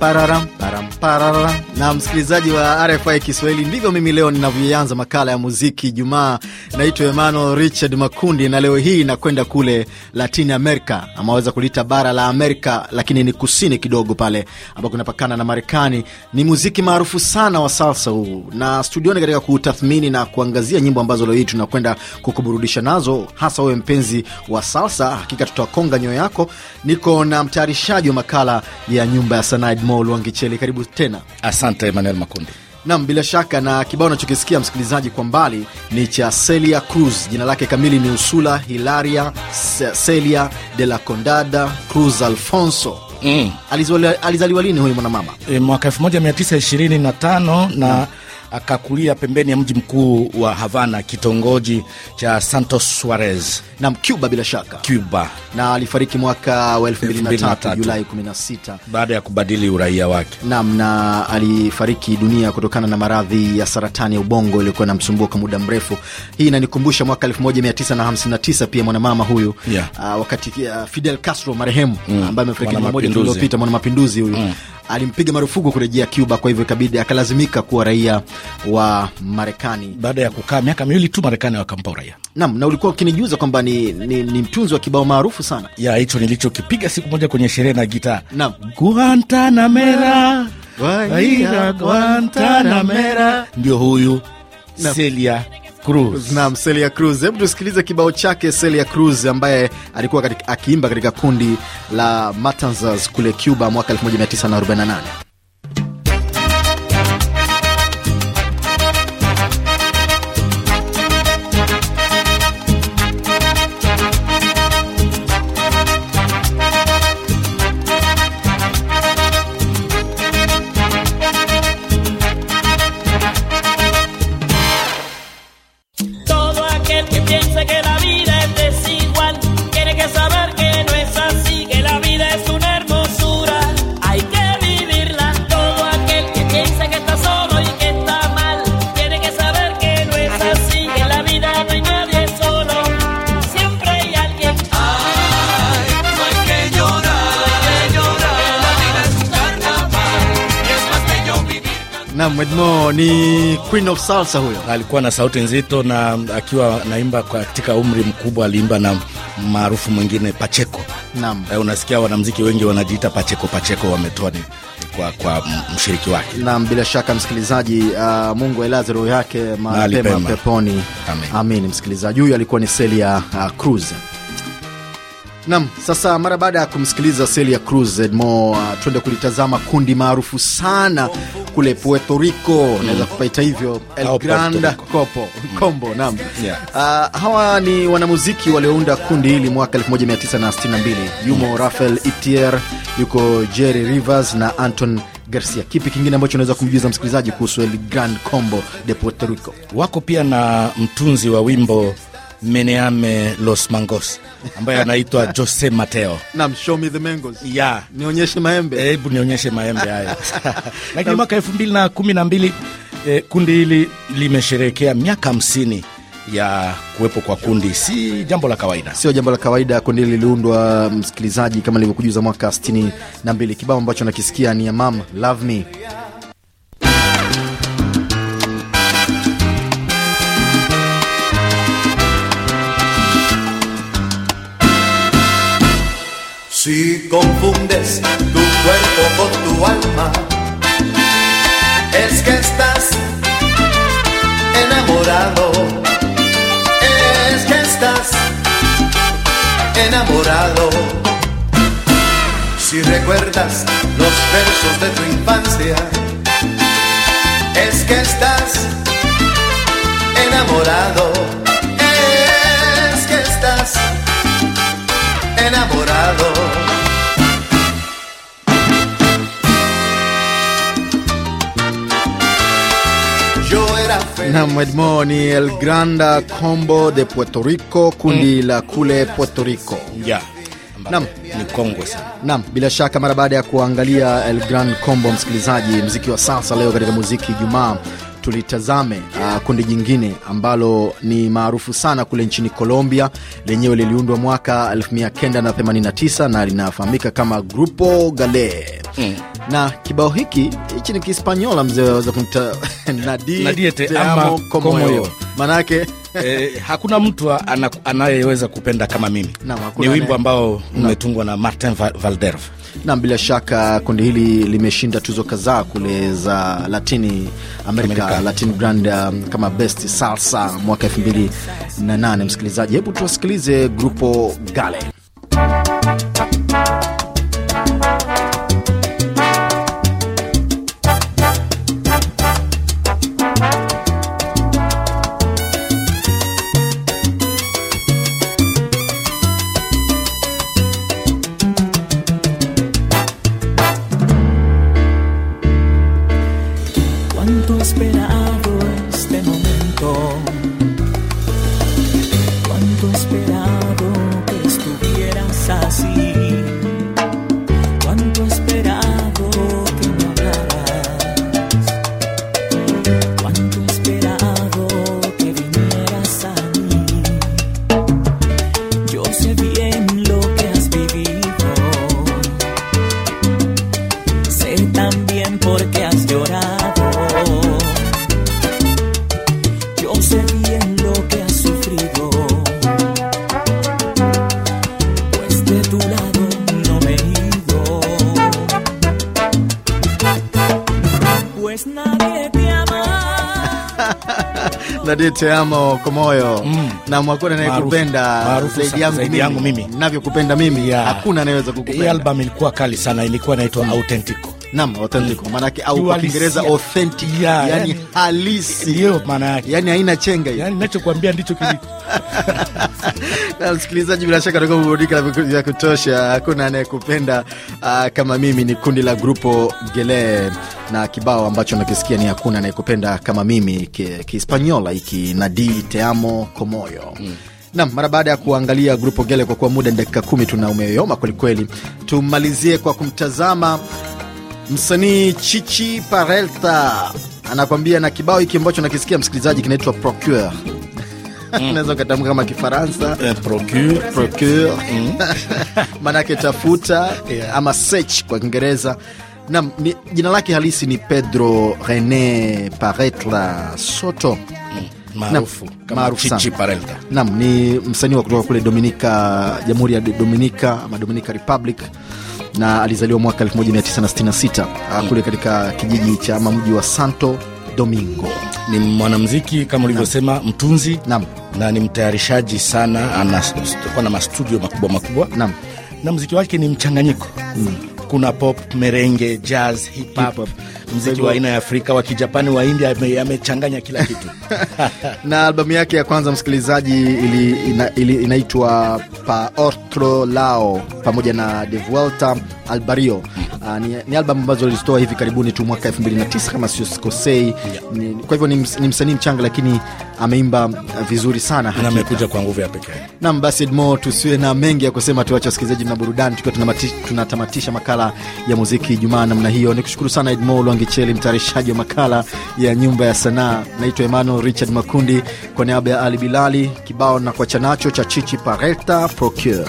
Pararam. parara na msikilizaji wa RFI Kiswahili. Ndivyo mimi leo ninavyoanza makala ya muziki Jumaa. Naitwa Emmanuel Richard Makundi, na leo hii nakwenda kule Latin America, amaweza kuliita bara la Amerika, lakini ni kusini kidogo pale ambao kunapakana na Marekani. Ni muziki maarufu sana wa salsa huu, na studioni katika kutathmini na kuangazia nyimbo ambazo leo hii tunakwenda kukuburudisha nazo, hasa wewe mpenzi wa salsa. Hakika tutakonga nyoyo yako. Niko na mtayarishaji wa makala ya nyumba ya sanaa Edmond Luangicheli, karibu tena. Asante Emmanuel Makundi. Nam, bila shaka na kibao unachokisikia msikilizaji kwa mbali ni cha Celia Cruz. Jina lake kamili ni Usula Hilaria Celia de la Condada Cruz Alfonso. Mm. Alizaliwa lini huyu mwanamama? E, mwaka 1925 na mm akakulia pembeni ya mji mkuu wa Havana, kitongoji cha Santos Suarez na Cuba, bila shaka Cuba, na alifariki mwaka wa 2003 Julai 16 baada ya kubadili uraia wake. Nam, na alifariki dunia kutokana na maradhi ya saratani ya ubongo iliyokuwa inamsumbua kwa muda mrefu. Hii inanikumbusha mwaka 1959 pia mwanamama huyu yeah. Uh, wakati uh, Fidel Castro marehemu mm. ambaye amefariki mwaka mmoja uliopita, mwana mapinduzi huyu mm alimpiga marufuku kurejea Cuba, kwa hivyo ikabidi akalazimika kuwa raia wa Marekani baada ya kukaa miaka miwili tu Marekani wakampa uraia. Naam, na ulikuwa ukinijuza kwamba ni, ni, ni mtunzi wa kibao maarufu sana ya hicho nilichokipiga siku moja kwenye sherehe na gitaa. Naam, Guantanamera, Guantanamera, ndio huyu Celia Cruz. Naam, Celia Cruz. Hebu tusikilize kibao chake Celia Cruz ambaye alikuwa akiimba katika kundi la Matanzas kule Cuba mwaka 1948. Naam, Edmo ni Queen of Salsa huyo. Alikuwa na sauti nzito na akiwa naimba katika umri mkubwa aliimba na maarufu mwingine Pacheco. Naam. E, unasikia wanamuziki wengi wanajiita Pacheco Pacheco wametoa ni kwa, kwa mshiriki wake. Naam, bila shaka msikilizaji, uh, Mungu ailaze roho yake mapema peponi. Amen. Amen. Msikilizaji huyu alikuwa ni Celia uh, Cruz. Naam, sasa mara baada ya kumsikiliza Celia Cruz Edmo, uh, twende kulitazama kundi maarufu sana kule Puerto Rico unaweza mm. kupaita hivyo El Copo Combo mm. nam yeah. Uh, hawa ni wanamuziki waliounda kundi hili mwaka 1962 yumo mm. Rafael Itier, yuko Jerry Rivers na Anton Garcia. Kipi kingine ambacho unaweza kumjuza msikilizaji kuhusu El Grand Combo de Puerto Rico? Wako pia na mtunzi wa wimbo Meneame los mangos ambaye anaitwa Jose Mateo. Naam, show me the mangoes. Yeah. Nionyeshe maembe. Hebu nionyeshe maembe haya. Lakini mwaka 2012 eh, kundi hili limesherehekea miaka 50 ya kuwepo kwa kundi. Si jambo la kawaida, sio jambo la kawaida. Kundi hili liliundwa, msikilizaji, kama nilivyokujuza mwaka 62. Kibao ambacho nakisikia ni ya Mam Love Me. Si confundes tu cuerpo con tu alma, es que estás enamorado, es que estás enamorado. Si recuerdas los versos de tu infancia, es que estás enamorado Namadmo ni El Granda Combo de Puerto Rico, kundi mm. la kule Puerto Rico yeah. Nam. ni kongwe sana. nam bila shaka mara baada ya kuangalia El Grand Combo, msikilizaji, mziki wa sasa leo katika muziki Jumaa tulitazame uh, kundi jingine ambalo ni maarufu sana kule nchini Colombia. Lenyewe liliundwa mwaka 1989 na linafahamika kama Grupo Gale mm. na kibao hiki hichi ni Kihispanyola mzee waweza kumta nadie te manake Eh, hakuna mtu anayeweza kupenda kama mimi na, ni wimbo ambao umetungwa na Martin valderv nam bila shaka kundi hili limeshinda tuzo kadhaa kule za Latini America, America. Latin Grand um, kama best salsa mwaka 28 Msikilizaji, hebu tuwasikilize Grupo Gale. también porque has llorado. Yo sé bien lo que has sufrido, pues de tu lado no me he ido. Pues nadie te ama. nadie te amo como yo mm. na mwakuna anayekupenda zaidi yangu mimi, yangu mimi navyokupenda mimi yeah. hakuna anayeweza kukupenda. Hii album ilikuwa kali sana, ilikuwa inaitwa mm. Naam, authentic maana yake au kwa Kiingereza authentic, yani yani halisi, ndio maana yake, yani haina chenga hiyo. Yani ninachokuambia ndicho kilicho. Na msikilizaji, bila shaka utakuwa umeburudika vya kutosha. Hakuna anayekupenda uh, kama mimi. Ni kundi la Grupo Gele na kibao ambacho nakisikia ni hakuna anayekupenda kama mimi, Kihispaniola hiki na di teamo komoyo mm. Nam, mara baada ya kuangalia Grupo Gele, kwa kuwa muda ni dakika kumi, tuna umeyoyoma kwelikweli, tumalizie kwa kumtazama msanii Chichi Parelta anakwambia, na kibao hiki ambacho nakisikia msikilizaji kinaitwa Procure. Mm. Unaweza ukatamka kama Kifaransa eh, procure, maanake mm. tafuta ama sech kwa Kiingereza. nam jina lake halisi ni Pedro Rene paretla Soto mm. maarufunam ni msanii wa kutoka kule Dominika, Jamhuri ya Dominika ama Dominica Republic na alizaliwa mwaka 1966 ah, kule katika kijiji cha ama mji wa Santo Domingo. Ni mwanamuziki kama ulivyosema, mtunzi Naam. na ni mtayarishaji sana, anakuwa na mastudio makubwa makubwa Naam. na muziki wake ni mchanganyiko mm kuna pop, merenge, jazz, hip hop, mziki wa aina ya Afrika wa Kijapani, wa India, amechanganya kila kitu na albamu yake ya kwanza msikilizaji, inaitwa ili, ina, Pa Otro Lao pamoja na Devuelta Albario Uh, ni, ni album ambazo lilizitoa hivi karibuni tu mwaka 2009 kama sisikosei, yeah. Kwa hivyo ni, ms, ni msanii mchanga lakini ameimba vizuri sana na amekuja kwa nguvu ya pekee. Naam, basi Edmo, tusiwe na mengi ya kusema, tuache wasikilizaji na burudani, tukiwa tunatamatisha makala ya muziki Ijumaa namna hiyo. Nikushukuru sana Edmo Lwangicheli, mtayarishaji wa makala ya Nyumba ya Sanaa. Naitwa Emmanuel Richard Makundi kwa niaba ya Ali Bilali, kibao na kuacha nacho cha Chichi Pareta Procure.